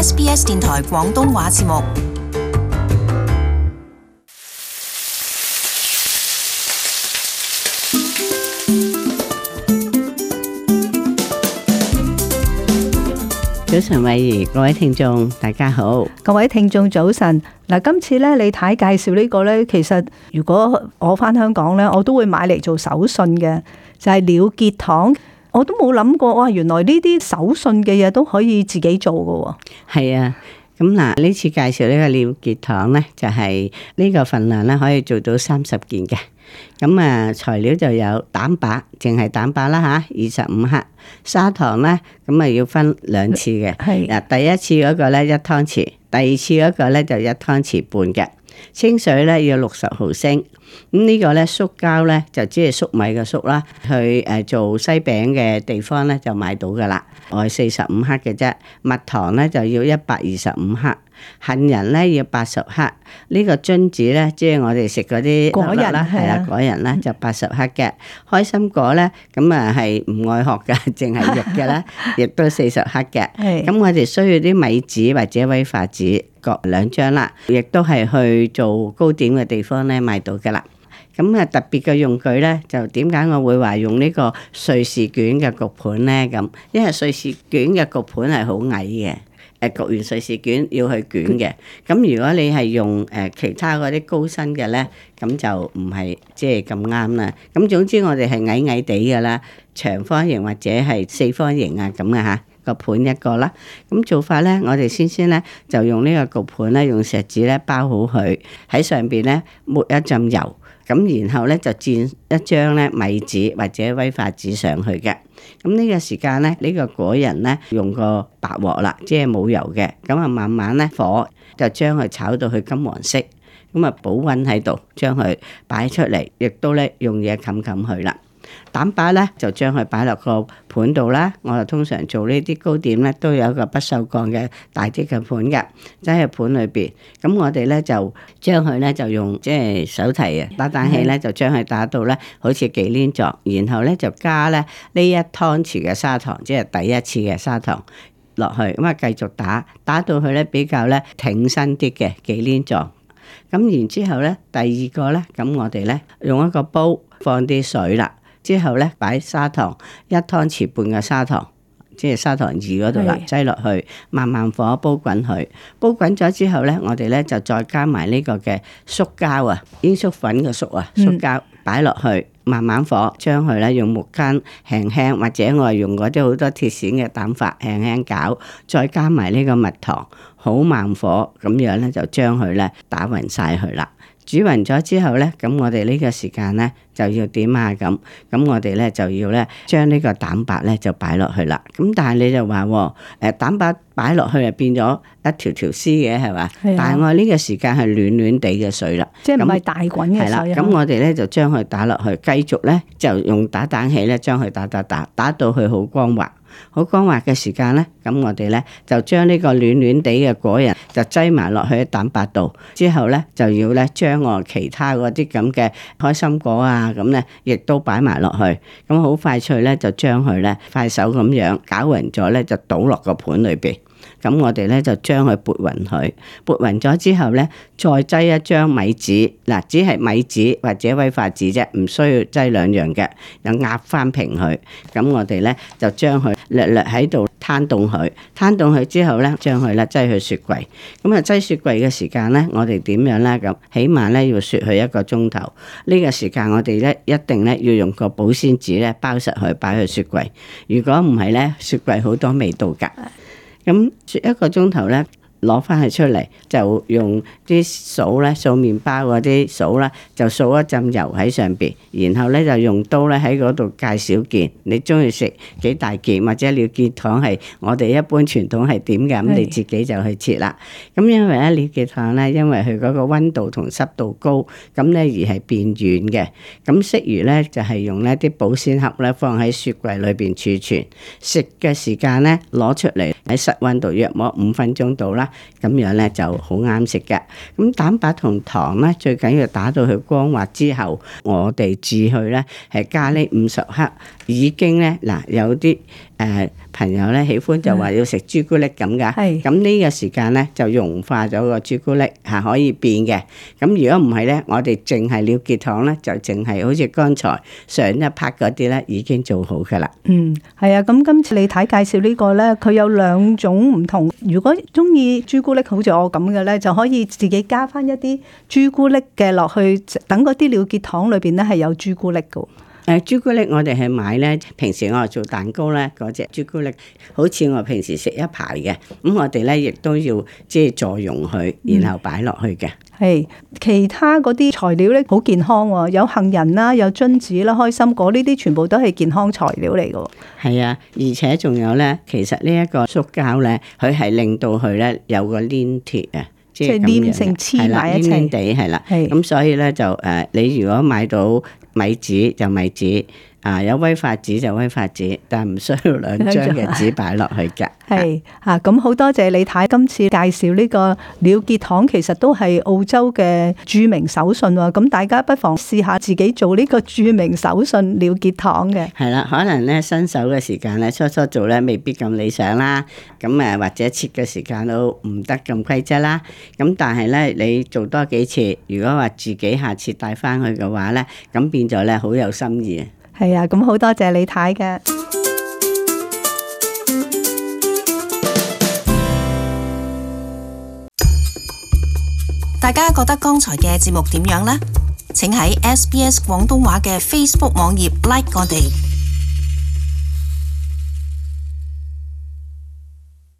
SBS 電台廣東話節目。早晨，慧兒，各位聽眾，大家好。各位聽眾，早晨。嗱，今次咧，李太介紹呢個咧，其實如果我翻香港咧，我都會買嚟做手信嘅，就係鳥結糖。我都冇諗過，哇！原來呢啲手信嘅嘢都可以自己做噶喎，哦。係啊，咁嗱，呢次介紹呢個鳥結糖咧，就係呢個份量咧可以做到三十件嘅。咁啊，材料就有蛋白，淨係蛋白啦吓，二十五克砂糖咧，咁啊要分兩次嘅。係嗱，係，第一次嗰個咧一湯匙，第二次嗰個咧就一湯匙半嘅。清水咧要六十毫升，咁、這、呢個咧粟膠咧就即係粟米嘅粟啦，去誒做西餅嘅地方咧就買到噶啦，我係四十五克嘅啫，蜜糖咧就要一百二十五克。杏仁咧要八十克，這個、呢個榛子咧，即係我哋食嗰啲果仁啦，係啊果仁啦，嗯、就八十克嘅。開心果咧，咁啊係唔愛殼嘅，淨 係肉嘅啦，亦 都四十克嘅。咁的我哋需要啲米紙或者威化紙，各兩張啦，亦都係去做糕點嘅地方咧買到噶啦。咁啊特別嘅用具咧，就點解我會話用呢個瑞士卷嘅焗盤咧？咁，因為瑞士卷嘅焗盤係好矮嘅。誒焗完瑞士卷要去捲嘅，咁如果你係用誒其他嗰啲高身嘅咧，咁就唔係即係咁啱啦。咁總之我哋係矮矮地㗎啦，長方形或者係四方形啊咁嘅嚇，個盤一個啦。咁做法咧，我哋先先咧就用呢個焗盤咧，用錫紙咧包好佢，喺上邊咧抹一浸油。咁然後咧就蘸一張咧米紙或者威化紙上去嘅。咁呢個時間咧呢個果仁咧用個白鑊啦，即係冇油嘅。咁啊慢慢咧火就將佢炒到去金黃色。咁啊保溫喺度，將佢擺出嚟，亦都咧用嘢冚冚佢啦。蛋白咧就將佢擺落個盤度啦。我就通常做呢啲糕點咧，都有一個不鏽鋼嘅大啲嘅盤嘅，擠喺盤裏邊。咁我哋咧就將佢咧就用即係手提啊打蛋器咧就將佢打到咧好似忌廉狀，然後咧就加咧呢一湯匙嘅砂糖，即係第一次嘅砂糖落去。咁啊繼續打打到佢咧比較咧挺身啲嘅忌廉狀。咁然之後咧第二個咧，咁我哋咧用一個煲放啲水啦。之後咧，擺砂糖一湯匙半嘅砂糖，即係砂糖二嗰度啦，擠落的去，慢慢火煲滾佢。煲滾咗之後咧，我哋咧就再加埋呢個嘅粟膠啊，煙粟粉嘅粟啊，粟膠擺落去，慢慢火將佢咧用木羹輕輕，或者我用嗰啲好多鐵線嘅蛋拂輕輕攪，再加埋呢個蜜糖，好慢火咁樣咧就將佢咧打匀晒佢啦。煮匀咗之後咧，咁我哋呢個時間咧就要點啊？咁咁我哋咧就要咧將呢個蛋白咧就擺落去啦。咁但係你就話誒、哦，蛋白擺落去就變咗一條條絲嘅，係嘛？啊、但係我呢個時間係暖暖地嘅水啦。即係唔係大滾嘅水。係啦，咁我哋咧就將佢打落去，繼續咧就用打蛋器咧將佢打打打，打到佢好光滑。好光滑嘅時間呢，咁我哋呢就將呢個暖暖地嘅果仁就擠埋落去蛋白度，之後呢，就要呢將我其他嗰啲咁嘅開心果啊咁呢，亦都擺埋落去，咁好快脆呢，就將佢呢快手咁樣攪勻咗呢，就倒落個盤裏邊。咁我哋咧就將佢撥勻佢，撥勻咗之後咧，再擠一張米紙，嗱，只係米紙或者威化紙啫，唔需要擠兩樣嘅，又壓翻平佢。咁我哋咧就將佢略略喺度攤凍佢，攤凍佢之後咧，將佢咧擠去雪櫃。咁啊擠雪櫃嘅時間咧，我哋點樣咧咁？起碼咧要雪佢一個鐘頭。呢個時間我哋咧一定咧要用個保鮮紙咧包實佢，擺去雪櫃。如果唔係咧，雪櫃好多味道㗎。咁說一個鐘頭咧。 攞翻佢出嚟，就用啲掃咧，掃麵包嗰啲掃啦，就掃一浸油喺上邊，然後咧就用刀咧喺嗰度介少件。你中意食幾大件，或者鳥結糖係我哋一般傳統係點嘅，咁是你自己就去切啦。咁因為咧鳥結糖咧，因為佢嗰個温度同濕度高，咁咧而係變軟嘅。咁適宜咧就係、是、用呢啲保鮮盒咧放喺雪櫃裏邊儲存。食嘅時間咧攞出嚟喺室溫度約摸五分鐘到啦。咁樣咧就好啱食嘅。咁蛋白同糖咧，最緊要打到佢光滑之後，我哋煮佢咧係加呢五十克，已經咧嗱有啲誒。呃朋友咧喜歡就話要食朱古力咁噶，咁呢係個時間咧就融化咗個朱古力，係、啊、可以變嘅。咁如果唔係咧，我哋淨係料結糖咧，就淨係好似剛才上一拍嗰啲咧，已經做好噶啦、嗯啊。嗯，係啊，咁今次你睇介紹呢、這個咧，佢有兩種唔同。如果中意朱古力，好似我咁嘅咧，就可以自己加返一啲朱古力嘅落去，等嗰啲料結糖裏邊咧係有朱古力噶。誒朱古力我哋係買咧，平時我做蛋糕咧嗰隻朱古力，好似我平時食一排嘅。咁我哋咧亦都要即係助溶佢，然後擺落去嘅。係、嗯、其他嗰啲材料咧，好健康喎、哦，有杏仁啦、啊，有榛子啦，開心果呢啲，全部都係健康材料嚟嘅。係啊，而且仲有咧，其實呢一個塑膠咧，佢係令到佢咧有個黏貼啊，即、就、係、是、黏性黐埋一黐地係啦。係咁，所以咧就誒，你如果買到米子就米子。啊，有威法紙就威法紙，但係唔需要兩張嘅紙擺落去㗎。係吓， 咁好多謝你睇，今次介紹呢個鳥結糖，其實都係澳洲嘅著名手信喎。咁大家不妨試下自己做呢個著名手信鳥結糖嘅。係啦，可能咧新手嘅時間咧初初做咧未必咁理想啦。咁誒或者切嘅時間都唔得咁規則啦。咁但係咧你做多幾次，如果話自己下次帶翻去嘅話咧，咁變咗咧好有心意。係啊，咁好多謝你睇嘅。大家覺得剛才嘅節目點樣呢？請喺 SBS 廣東話嘅 Facebook 網頁 like 我哋。